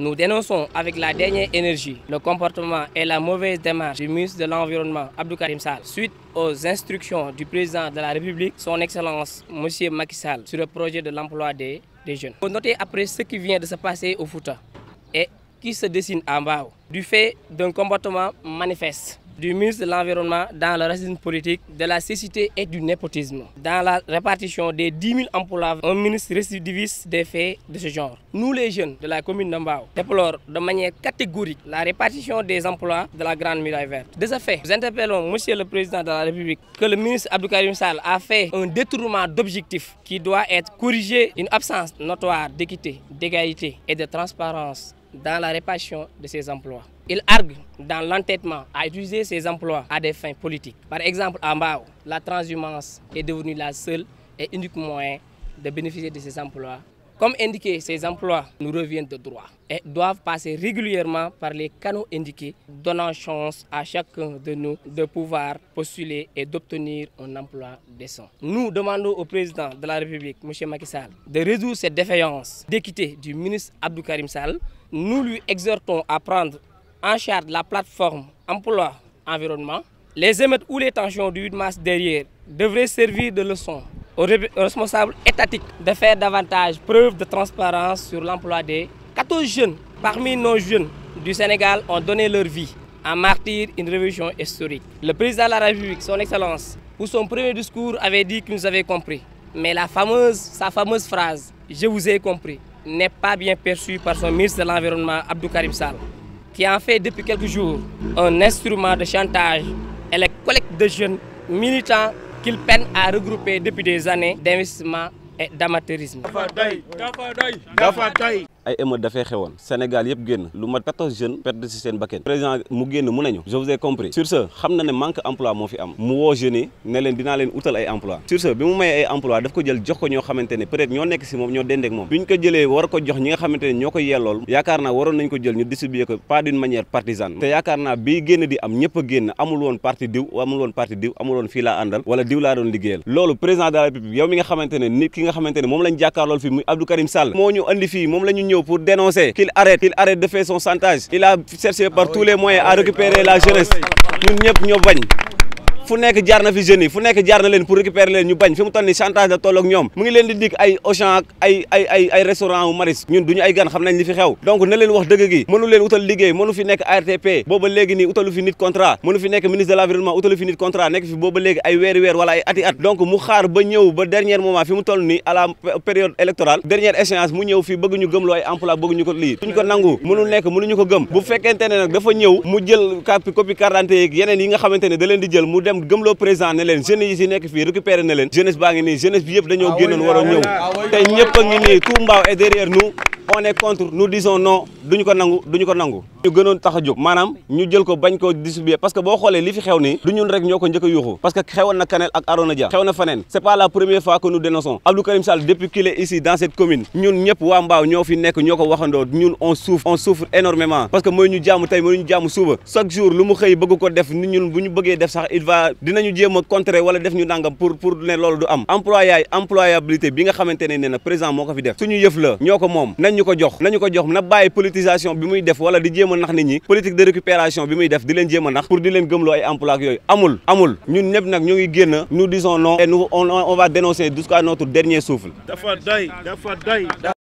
Nous dénonçons avec la dernière énergie le comportement et la mauvaise démarche du ministre de l'Environnement, Abdou Karim Sall, suite aux instructions du président de la République, son Excellence M. Macky Sall, sur le projet de l'emploi des, jeunes. Vous notez après ce qui vient de se passer au Fouta et qui se dessine en bas, du fait d'un comportement manifeste du ministre de l'Environnement dans le racisme politique, de la cécité et du népotisme. Dans la répartition des 10 000 emplois, un ministre récidiviste des faits de ce genre. Nous les jeunes de la commune d'Ambao déplorons de manière catégorique la répartition des emplois de la Grande Muraille Verte. De nous interpellons Monsieur le Président de la République que le ministre Abdoukarim Sall a fait un détournement d'objectifs qui doit être corrigé, une absence notoire d'équité, d'égalité et de transparence dans la répartition de ces emplois. Il argue dans l'entêtement à utiliser ses emplois à des fins politiques. Par exemple, en Mbao, la transhumance est devenue la seule et unique moyen de bénéficier de ces emplois. Comme indiqué, ces emplois nous reviennent de droit et doivent passer régulièrement par les canaux indiqués, donnant chance à chacun de nous de pouvoir postuler et d'obtenir un emploi décent. Nous demandons au président de la République, M. Macky Sall, de résoudre cette défaillance d'équité du ministre Abdou Karim Sall. Nous lui exhortons à prendre en charge de la plateforme emploi environnement, les émeutes ou les tensions du 8 mars derrière devraient servir de leçon aux responsables étatiques de faire davantage preuve de transparence sur l'emploi des 14 jeunes parmi nos jeunes du Sénégal ont donné leur vie à martyr une révolution historique. Le président de la République, son excellence, pour son premier discours avait dit que nous avait compris. Mais la fameuse, sa fameuse phrase « Je vous ai compris » n'est pas bien perçue par son ministre de l'Environnement, Abdou Karim Sall qui en fait depuis quelques jours un instrument de chantage et les collecte de jeunes militants qu'il peinent à regrouper depuis des années d'investissement et d'amateurisme. ay émeute dafay xewoon Sénégal yëpp génn lu mat quatorze jeunes perte ci seen bakkan président mu génn mu nañu je vous compris sur ce xam na ne manque emploi moo fi am mu woo jeunes ne leen dinaa leen utal ay emploi sur ce bi mu mayee ay emploi daf ko jël jox ko ñoo xamante ne ñoo nekk ci moom ñoo dendeek moom bi ñu ko jëlee war ko jox ñi nga xamante ñoo ko yellool yaakaar naa waroon nañ ko jël ñu distribuer ko pas d'une a génn amul woon parti diw amul woon parti diw amul ne nit ki nga pour dénoncer qu'il arrête, qu'il arrête de faire son chantage. Il a cherché par ah tous les moyens à ah récupérer ah la jeunesse. fu nekk jaar na fi jeunes yi fu nekk jaar leen pour récupérer leen ñu bañ fi mu toll ni chantage la toll ak ñoom mu ngi leen di dikk ay Auchan ak ay restaurant wu maris ñun duñu ay gan xam nañ li fi xew donc na leen wax dëgg gi mënu leen utal liggéey mënu fi nekk ARTP booba léegi nii utalu fi nit contrat mënu fi nekk ministre de l'environnement utalu fi nit contrat nekk fi booba léegi ay weeri weer wala ay ati at donc mu xaar ba ñëw ba dernier moment fi mu toll da leen di dem gëmloo président ne leen jeunes yi si nekk fii récupéré na leen jeunesse baa ngi nii bi yëpp dañoo ah génnoon war a ah ñëw ah tey ñëpp a ngi nii tout Mbao est on est contre nous disons non nous ko nangu pas ko nangu ñu gënoon madame. Nous disons nous ñu jël distribuer parce que boo nous li fi xew rek parce que parce que Nous na Kanel ak Nous c'est pas la première fois que nous dénonçons Abdou Karim Sall depuis qu'il est ici dans cette commune nous, ñëpp waa nous ñoo fi nous waxandoo ñun on souffre on souffre énormément parce que nous ñu jaamu tey mooy ñu chaque jour nous mu nous bëgg ko def nous ñun nous que def il va nous contrer wala def ñu nangam pour pour du que nous employabilité ne na président ñu ko jox nañu ko jox na bàyyi politisation bi muy def wala di jéem a nit ñi politique de récupération bi muy def di leen jéem a pour di leen gëmloo ay emploi ak yooyu amul amul ñun ñëpp nag ñu ngi génn nous disons non et nous on va dénoncer jusqu'à notre dernier souffle dafa doy dafa doy